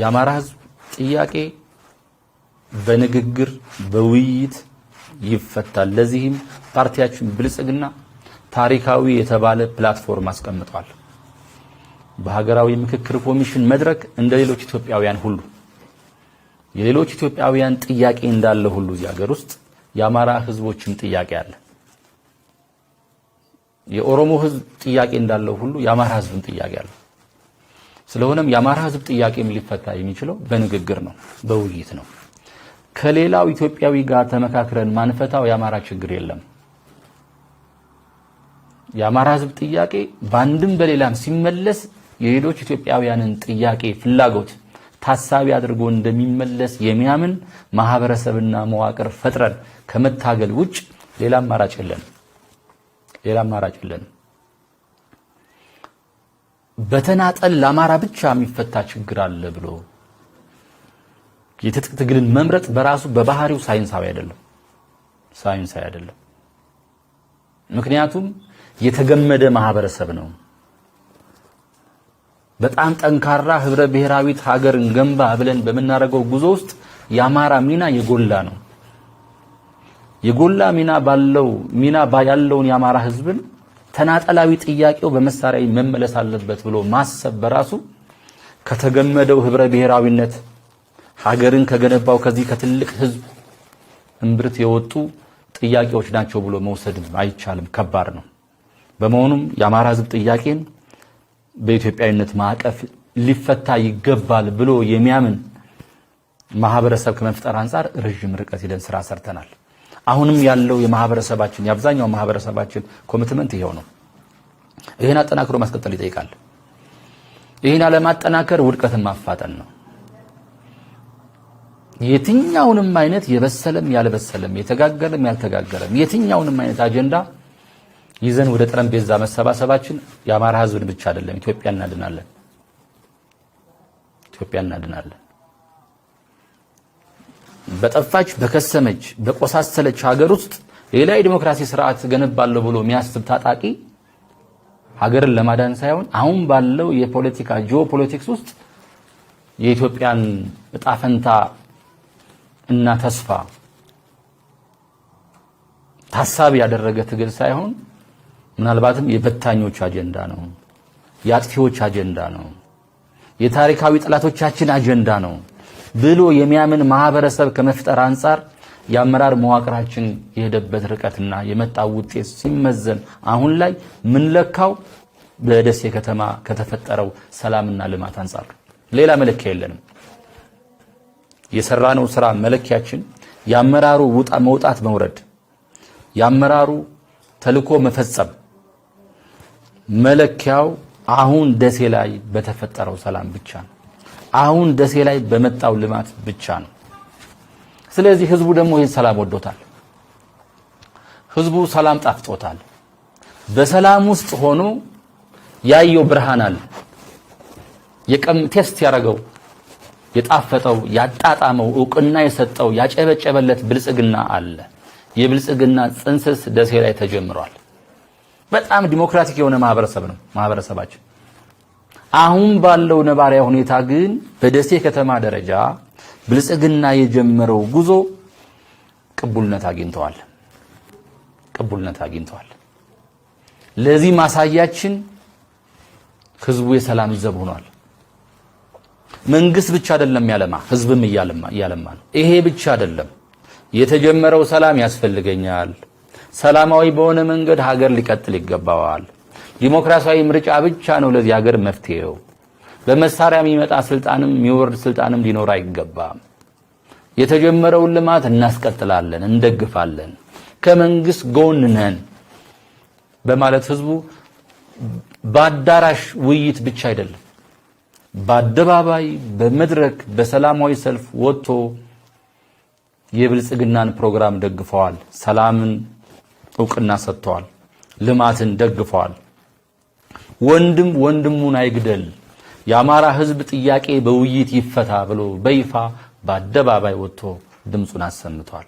የአማራ ህዝብ ጥያቄ በንግግር በውይይት ይፈታል። ለዚህም ፓርቲያችን ብልጽግና ታሪካዊ የተባለ ፕላትፎርም አስቀምጧል። በሀገራዊ ምክክር ኮሚሽን መድረክ እንደ ሌሎች ኢትዮጵያውያን ሁሉ የሌሎች ኢትዮጵያውያን ጥያቄ እንዳለ ሁሉ እዚህ ሀገር ውስጥ የአማራ ህዝቦችም ጥያቄ አለ። የኦሮሞ ህዝብ ጥያቄ እንዳለው ሁሉ የአማራ ህዝብም ጥያቄ አለ። ስለሆነም የአማራ ህዝብ ጥያቄም ሊፈታ የሚችለው በንግግር ነው፣ በውይይት ነው። ከሌላው ኢትዮጵያዊ ጋር ተመካክረን ማንፈታው የአማራ ችግር የለም። የአማራ ህዝብ ጥያቄ በአንድም በሌላም ሲመለስ የሌሎች ኢትዮጵያውያንን ጥያቄ ፍላጎት ታሳቢ አድርጎ እንደሚመለስ የሚያምን ማህበረሰብና መዋቅር ፈጥረን ከመታገል ውጭ ሌላ አማራጭ የለንም። ሌላ አማራጭ የለንም። በተናጠል ለአማራ ብቻ የሚፈታ ችግር አለ ብሎ የትጥቅ ትግልን መምረጥ በራሱ በባህሪው ሳይንሳዊ አይደለም፣ ሳይንሳዊ አይደለም። ምክንያቱም የተገመደ ማህበረሰብ ነው። በጣም ጠንካራ ህብረ ብሔራዊት ሀገር እንገንባ ብለን በምናደርገው ጉዞ ውስጥ የአማራ ሚና የጎላ ነው። የጎላ ሚና ባለው ሚና ያለውን የአማራ ህዝብን ተናጠላዊ ጥያቄው በመሳሪያ መመለስ አለበት ብሎ ማሰብ በራሱ ከተገመደው ህብረ ብሔራዊነት ሀገርን ከገነባው ከዚህ ከትልቅ ህዝብ እምብርት የወጡ ጥያቄዎች ናቸው ብሎ መውሰድ አይቻልም። ከባድ ነው። በመሆኑም የአማራ ህዝብ ጥያቄን በኢትዮጵያዊነት ማዕቀፍ ሊፈታ ይገባል ብሎ የሚያምን ማህበረሰብ ከመፍጠር አንጻር ረዥም ርቀት ሄደን ስራ ሰርተናል። አሁንም ያለው የማህበረሰባችን የአብዛኛው ማህበረሰባችን ኮሚትመንት ይሄው ነው። ይህን አጠናክሮ ማስቀጠል ይጠይቃል። ይህን አለማጠናከር ውድቀትን ማፋጠን ነው። የትኛውንም አይነት የበሰለም ያልበሰለም የተጋገለም ያልተጋገለም የትኛውንም አይነት አጀንዳ ይዘን ወደ ጠረጴዛ መሰባሰባችን የአማራ ህዝብን ብቻ አይደለም፣ ኢትዮጵያ እናድናለን። ኢትዮጵያ እናድናለን። በጠፋች በከሰመች በቆሳሰለች ሀገር ውስጥ ሌላ የዲሞክራሲ ስርዓት ገነባለሁ ብሎ የሚያስብ ታጣቂ ሀገርን ለማዳን ሳይሆን አሁን ባለው የፖለቲካ ጂኦፖለቲክስ ውስጥ የኢትዮጵያን እጣ ፈንታ እና ተስፋ ታሳቢ ያደረገ ትግል ሳይሆን ምናልባትም የበታኞች አጀንዳ ነው፣ የአጥፊዎች አጀንዳ ነው፣ የታሪካዊ ጠላቶቻችን አጀንዳ ነው። ብሎ የሚያምን ማህበረሰብ ከመፍጠር አንጻር የአመራር መዋቅራችን የሄደበት ርቀትና የመጣው ውጤት ሲመዘን አሁን ላይ ምንለካው በደሴ ከተማ ከተፈጠረው ሰላምና ልማት አንጻር ሌላ መለኪያ የለንም። የሰራነው ስራ መለኪያችን የአመራሩ ውጣ መውጣት መውረድ፣ የአመራሩ ተልዕኮ መፈጸም መለኪያው አሁን ደሴ ላይ በተፈጠረው ሰላም ብቻ ነው። አሁን ደሴ ላይ በመጣው ልማት ብቻ ነው። ስለዚህ ህዝቡ ደግሞ ይህን ሰላም ወዶታል። ህዝቡ ሰላም ጣፍጦታል። በሰላም ውስጥ ሆኖ ያየው ብርሃን አለ። የቀም ቴስት ያደረገው የጣፈጠው ያጣጣመው እውቅና የሰጠው ያጨበጨበለት ብልጽግና አለ። የብልጽግና ጽንስስ ደሴ ላይ ተጀምሯል። በጣም ዲሞክራቲክ የሆነ ማህበረሰብ ነው ማህበረሰባችን። አሁን ባለው ነባሪያ ሁኔታ ግን በደሴ ከተማ ደረጃ ብልጽግና የጀመረው ጉዞ ቅቡልነት አግኝተዋል ቅቡልነት አግኝተዋል። ለዚህ ማሳያችን ህዝቡ የሰላም ዘብ ሆኗል። መንግስት ብቻ አይደለም ያለማ፣ ህዝብም እያለማ ነው። ይሄ ብቻ አይደለም የተጀመረው ሰላም ያስፈልገኛል፣ ሰላማዊ በሆነ መንገድ ሀገር ሊቀጥል ይገባዋል ዲሞክራሲያዊ ምርጫ ብቻ ነው ለዚህ ሀገር መፍትሄው። በመሳሪያ የሚመጣ ስልጣንም የሚወርድ ስልጣንም ሊኖር አይገባም። የተጀመረውን ልማት እናስቀጥላለን፣ እንደግፋለን፣ ከመንግስት ጎን ነን በማለት ህዝቡ በአዳራሽ ውይይት ብቻ አይደለም በአደባባይ በመድረክ በሰላማዊ ሰልፍ ወጥቶ የብልጽግናን ፕሮግራም ደግፈዋል። ሰላምን እውቅና ሰጥተዋል። ልማትን ደግፈዋል። ወንድም ወንድሙን አይግደል፣ የአማራ ህዝብ ጥያቄ በውይይት ይፈታ ብሎ በይፋ በአደባባይ ወጥቶ ድምፁን አሰምቷል።